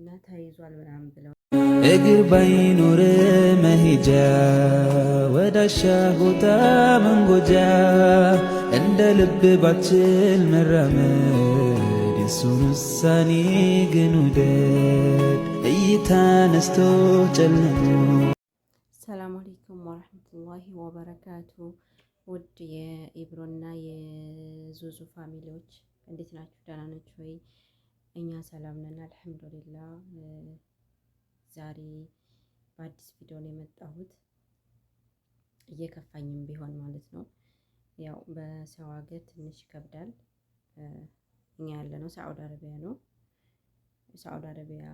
እና ተይዟል ምናምን ብለው እግር ባይኖር መሄጃ ወዳሻ ቦታ መንጎጃ እንደ ልብ ባችል መራመድ የሱን ውሳኔ ግን ውደድ እይታ ነስቶ ጨልሞ። ሰላም አለይኩም ወረሕመቱላሂ ወበረካቱ። ውድ የኢብሮና የዙዙ ፋሚሊዎች እንዴት ናችሁ? ደህና ናችሁ ወይ? እኛ ሰላም ነን፣ አልሐምዱሊላ። ዛሬ በአዲስ ቪዲዮ ነው የመጣሁት፣ እየከፋኝም ቢሆን ማለት ነው። ያው በሰው ሀገር ትንሽ ይከብዳል። እኛ ያለ ነው ሳዑዲ አረቢያ ነው። ሳዑዲ አረቢያ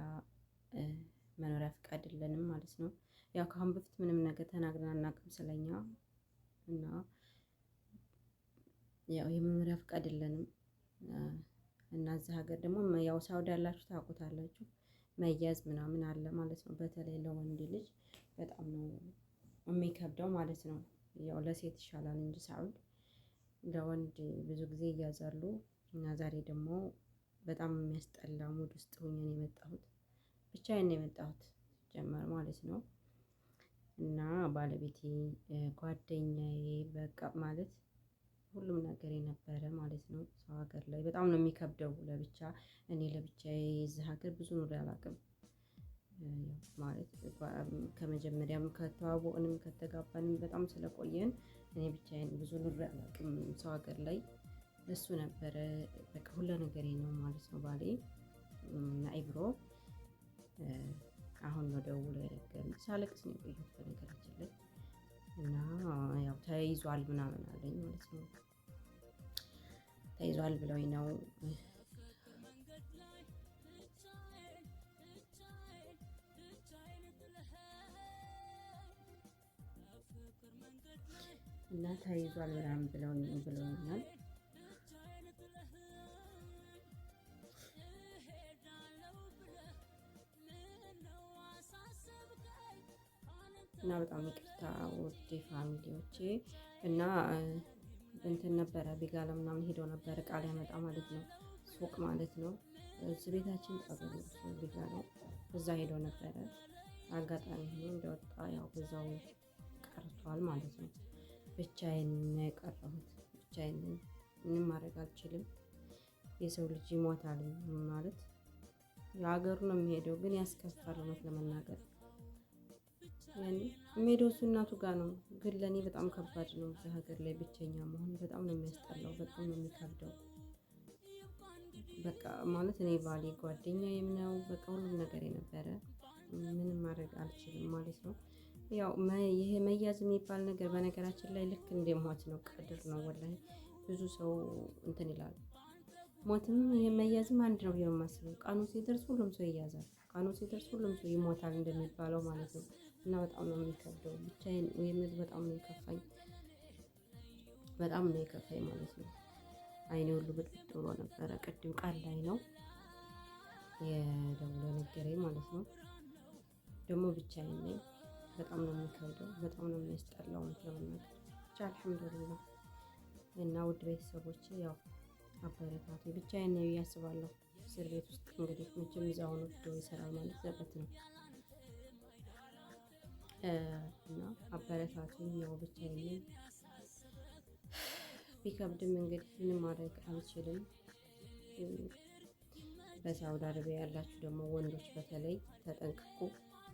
መኖሪያ ፍቃድ የለንም ማለት ነው። ያው ከአሁን በፊት ምንም ነገር ተናግረን አናውቅም ስለኛ እና ያው የመኖሪያ ፍቃድ የለንም። እና እዚህ ሀገር ደግሞ ያው ሳውዲ ያላችሁ ታውቁታላችሁ መያዝ ምናምን አለ ማለት ነው። በተለይ ለወንድ ልጅ በጣም ነው የሚከብደው ማለት ነው። ያው ለሴት ይሻላል እንጂ ሳውዲ ለወንድ ብዙ ጊዜ እያዛሉ እና ዛሬ ደግሞ በጣም የሚያስጠላ ሙድ ውስጥ ሆኜ ነው የመጣሁት። ብቻዬን የመጣሁት ጀመር ማለት ነው። እና ባለቤቴ ጓደኛዬ በቃ ማለት ሁሉም ነገር የነበረ ማለት ነው። ሰው ሀገር ላይ በጣም ነው የሚከብደው ለብቻ እኔ ለብቻ የዚህ ሀገር ብዙ ኑሮ አላውቅም ማለት ከመጀመሪያም ከተዋወቅንም ከተጋባንም በጣም ስለቆየን እኔ ብቻዬን ብዙ ኑሮ አላውቅም ሰው ሀገር ላይ እሱ ነበረ በቃ ሁላ ነገር ነው ማለት ነው ባሌ እና ኢብሮ አሁን ነው ደውሎ ያገል ሳለቅስ ነው የቆየሁት በነገራችን ላይ እና ያው ተይዟል ምናምን አለኝ ማለት ነው። ተይዟል ብለውኝ ነው እና ተይዟል ምናምን ብለውኝ ብለውኛል። እና በጣም ይቅርታ ውድ ፋሚሊዎቼ እና እንትን ነበረ ቤጋለ ምናምን ሄዶ ነበረ ቃል ያመጣ ማለት ነው ሱቅ ማለት ነው እዚህ ቤታችን ጠበል ቤጋለ እዛ ሄዶ ነበረ። አጋጣሚ ሆኖ እንደወጣ ያው በዛው ቀርቷል ማለት ነው። ብቻዬን የቀረሁት ብቻዬን ምንም ማድረግ አልችልም። የሰው ልጅ ይሞታል ማለት የሀገሩ ነው የሚሄደው ግን ያስከፋል እውነት ለመናገር ያኔ እናቱ ጋር ነው። ግን ለእኔ በጣም ከባድ ነው። እዚህ ሀገር ላይ ብቸኛ መሆን በጣም ነው የሚያስጠላው፣ በጣም ነው የሚከብደው። በቃ ማለት እኔ ባሌ ጓደኛ የምነው በቃ ሁሉም ነገር የነበረ ምንም ማድረግ አልችልም ማለት ነው። ያው ይሄ መያዝ የሚባል ነገር በነገራችን ላይ ልክ እንደ ሞት ነው፣ ቀድር ነው። ወላሂ ብዙ ሰው እንትን ይላል። ሞትም ይሄ መያዝም አንድ ነው ብዬ ነው የማስበው። ቀኑ ሲደርስ ሁሉም ሰው ይያዛል። ቀኑ ሲደርስ ሁሉም ሰው ይሞታል እንደሚባለው ማለት ነው። እና በጣም ነው የሚከብደው። ብቻዬን የምር በጣም ነው የከፋኝ፣ በጣም ነው የከፋኝ ማለት ነው። አይኔ ሁሉ ብጥብጥ ብሎ ነበረ። ቅድም ቃል ላይ ነው የደውሎ ነገረኝ ማለት ነው። ደግሞ ብቻዬን ነኝ። በጣም ነው የሚከብደው፣ በጣም ነው የሚያስጠላው ምትለመናገር ብቻ አልሐምዱሊላ። እና ውድ ቤተሰቦች ያው አበረታቱ። ብቻዬን ነው እያስባለሁ። እስር ቤት ውስጥ እንግዲህ መቼም እዚያ ሆኖ ይሰራል ማለት ዘበት ነው። እና አበረታቱኝ። ያው ብቻዬን ቢከብድም እንግዲህ ምንም ማድረግ አልችልም። በሳውዲ አረቢያ ያላችሁ ደግሞ ወንዶች በተለይ ተጠንቅቁ።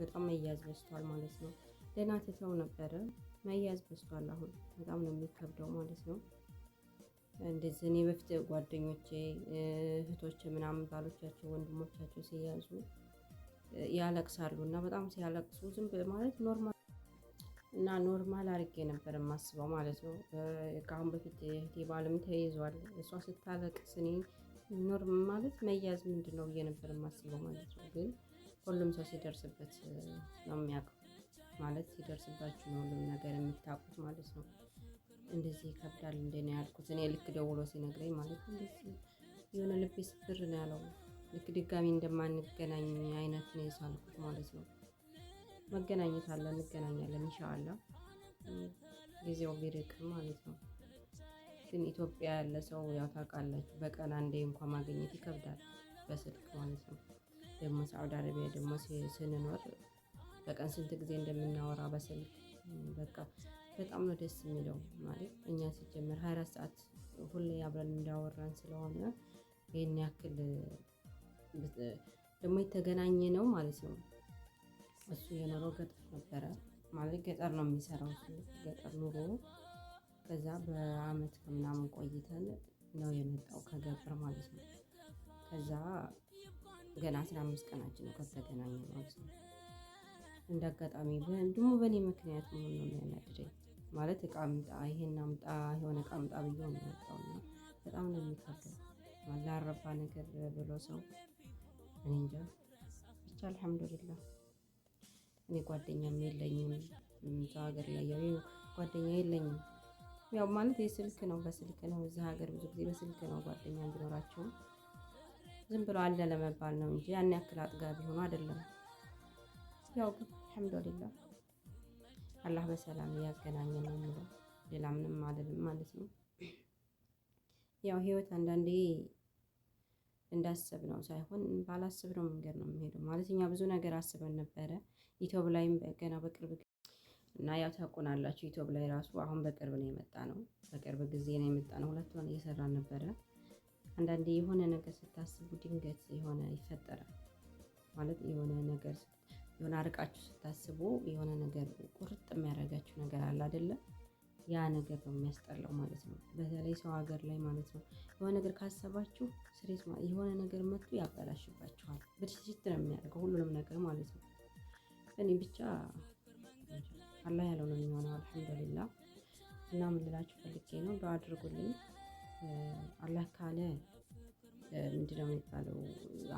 በጣም መያዝ በስቷል ማለት ነው። ደህና ትተው ነበረ መያዝ በስቷል አሁን በጣም ነው የሚከብደው ማለት ነው። እንደዚህ እኔ በፊት ጓደኞቼ እህቶቼ ምናምን ባሎቻቸው ወንድሞቻቸው ሲያዙ ያለቅሳሉ እና በጣም ሲያለቅሱ ዝም ማለት ኖርማል እና ኖርማል አድርጌ ነበር የማስበው ማለት ነው። ከአሁን በፊት እህቴ ባልም ተይዟል። እሷ ስታለቅስ እኔ ኖርማል ማለት መያዝ ምንድን ነው ብዬ ነበር የማስበው ማለት ነው። ግን ሁሉም ሰው ሲደርስበት ነው የሚያውቀው ማለት ሲደርስባችሁ ነው ሁሉም ነገር የምታውቁት ማለት ነው። እንደዚህ ይከብዳል እንደ ያልኩት እኔ ልክ ደውሎ ሲነግረኝ ማለት እንደዚህ የሆነ ልቤ ስብር ነው ያለው ልክ ድጋሚ እንደማንገናኝ አይነት ነው የሳልኩት ማለት ነው። መገናኘት አለ እንገናኛለን፣ እንሻአላ ጊዜው ቢርቅም ማለት ነው። ግን ኢትዮጵያ ያለ ሰው ያው ታውቃላችሁ፣ በቀን አንዴ እንኳ ማግኘት ይከብዳል በስልክ ማለት ነው። ደግሞ ሳዑዲ አረቢያ ደግሞ ስንኖር በቀን ስንት ጊዜ እንደምናወራ በስልክ በቃ በጣም ነው ደስ የሚለው ማለት እኛ ሲጀምር ሀያ አራት ሰዓት ሁሌ አብረን እንዳወራን ስለሆነ ይህን ያክል ደግሞ የተገናኘ ነው ማለት ነው። እሱ የኖረው ገጠር ነበረ ማለት ገጠር ነው የሚሰራው ገጠር ኑሮ። ከዛ በአመት ከምናምን ቆይተን ነው የመጣው ከገጠር ማለት ነው። ከዛ ገና አስራ አምስት ቀናችን ነው ከተገናኘ ማለት ነው። እንደ አጋጣሚ ደግሞ በእኔ ምክንያት መሆን ነው የሚያናድደኝ ማለት እቃ ምጣ ይሄን አምጣ፣ የሆነ እቃ ምጣ ብዬ ነው የመጣውና በጣም ነው የሚከብደው ላረባ ነገር ብሎ ሰው እኔ እንጃ ብቻ አልሐምዱሊላ። እኔ ጓደኛም የለኝም እዛ ሀገር ላይ ያው ጓደኛ የለኝም። ያው ማለት የስልክ ነው በስልክ ነው እዚህ ሀገር ብዙ ጊዜ በስልክ ነው ጓደኛ ቢኖራቸውም ዝም ብሎ አለ ለመባል ነው እንጂ ያን ያክል አጥጋቢ ሆኖ አይደለም። ያው ግን አልሐምዱሊላ አላህ በሰላም እያገናኘ ነው የምለው ሌላ ምንም አይደለም ማለት ነው። ያው ህይወት አንዳንዴ እንዳሰብ ነው ሳይሆን ባላስብ ነው መንገድ ነው የሚሄደው ማለት እኛ ብዙ ነገር አስበን ነበረ። ኢትዮብ ላይም ገና በቅርብ እና ያው ታውቁናላችሁ፣ ኢትዮብ ላይ ራሱ አሁን በቅርብ ነው የመጣ ነው። በቅርብ ጊዜ ነው የመጣ ነው። ሁለት ሆነ እየሰራ ነበረ። አንዳንዴ የሆነ ነገር ስታስቡ ድንገት የሆነ ይፈጠራል። ማለት የሆነ ነገር የሆነ አርቃችሁ ስታስቡ የሆነ ነገር ቁርጥ የሚያደርጋችሁ ነገር አለ አይደለም ያ ነገር ነው የሚያስጠላው ማለት ነው። በተለይ ሰው ሀገር ላይ ማለት ነው። የሆነ ነገር ካሰባችሁ ስሬት የሆነ ነገር መጥቶ ያበላሽባችኋል። ብድስት ነው የሚያደርገው ሁሉንም ነገር ማለት ነው። እኔ ብቻ አላህ ያለው ነው የሚሆነው። አልሐምዱሊላ እና ምንላችሁ ፈልጌ ነው ዱዓ አድርጉልኝ። አላህ ካለ ምንድነው ነው የሚባለው?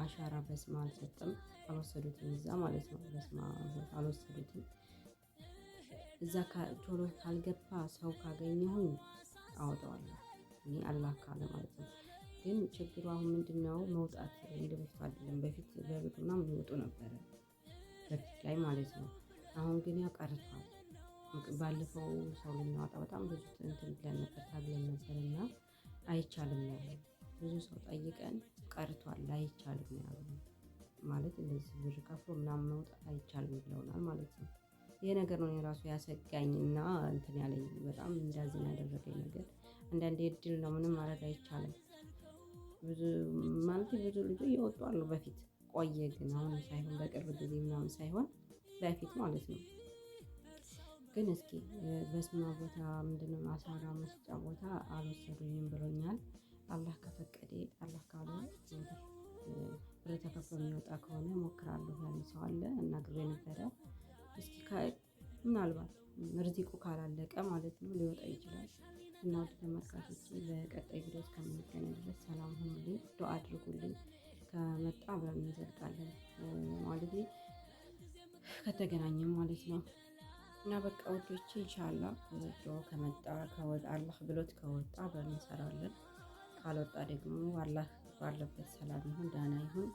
አሻራ በስማ አልሰጥም አልወሰዱትም፣ እዛ ማለት ነው። በስማ አልወሰዱትም እዛ ቶሎ ካልገባ ሰው ካገኘሁኝ አወጣዋለሁ። እኔ አላህ ካለ ማለት ነው። ግን ችግሩ አሁን ምንድን ነው መውጣት እንደ በፊት አይደለም። በፊት በብር ምናምን ይወጡ ነበረ በፊት ላይ ማለት ነው። አሁን ግን ያ ቀርቷል። ባለፈው ሰው ልናወጣ በጣም ብዙ እንትን ብለን ነበር ታግለን ነበር እና አይቻልም ያለ ብዙ ሰው ጠይቀን ቀርቷል። አይቻልም ያለ ማለት እንደዚህ ብር ከፍሎ ምናምን መውጣት አይቻልም ብለውናል ማለት ነው። ይሄ ነገር ነው የራሱ ያሰጋኝና እንትን ያለኝ በጣም እንዳዝን ያደረገኝ ነገር። አንዳንዴ እድል ነው፣ ምንም ማድረግ አይቻልም። ብዙ ማለት ብዙ ልጆች እየወጡ አሉ በፊት ቆየ፣ ግን አሁን ሳይሆን በቅርብ ጊዜ ምናምን ሳይሆን በፊት ማለት ነው። ግን እስኪ በስማ ቦታ ምንድነው ማሳራ መስጫ ቦታ አልወሰዱኝም ብሎኛል። አላህ ከፈቀደ አላህ ካለ ብር ተከፍሎ የሚወጣ ከሆነ ሞክራለሁ ያለ ሰው አለ፣ እናግሬ ነበረ ምናልባት ርዚቁ ካላለቀ ማለት ነው ሊወጣ ይችላል። እና ውድ ተመልካቾች በቀጣይ ቪዲዮ እስከምንገናኝ ድረስ ሰላም ሁኑልኝ፣ ዶ አድርጉልኝ። ከመጣ አብረን እንዘልቃለን ማለት ነው ከተገናኘም ማለት ነው። እና በቃ ውዶቼ እንሻላ ዶ ከመጣ ከወጣ አላህ ብሎት ከወጣ አብረን እንሰራለን። ካልወጣ ደግሞ አላህ ባለበት ሰላም ይሁን ደህና ይሁን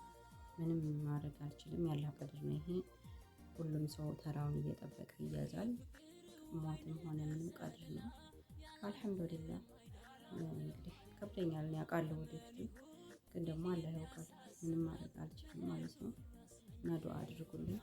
ምንም ማድረግ አልችልም። ያላህ ቀድር ነው ይሄ ሁሉም ሰው ተራውን እየጠበቀ ይያዛል። ሞትም ሆነ ምንም ቀድር ነው። አልሐምዱሊላ እንግዲህ ከብደኛል ያውቃለሁ። ወደፊት ግን ደግሞ አላህ ያውቃል። ምንም ማድረግ አልችልም ማለት ነው እና ዱዓ አድርጉልኝ።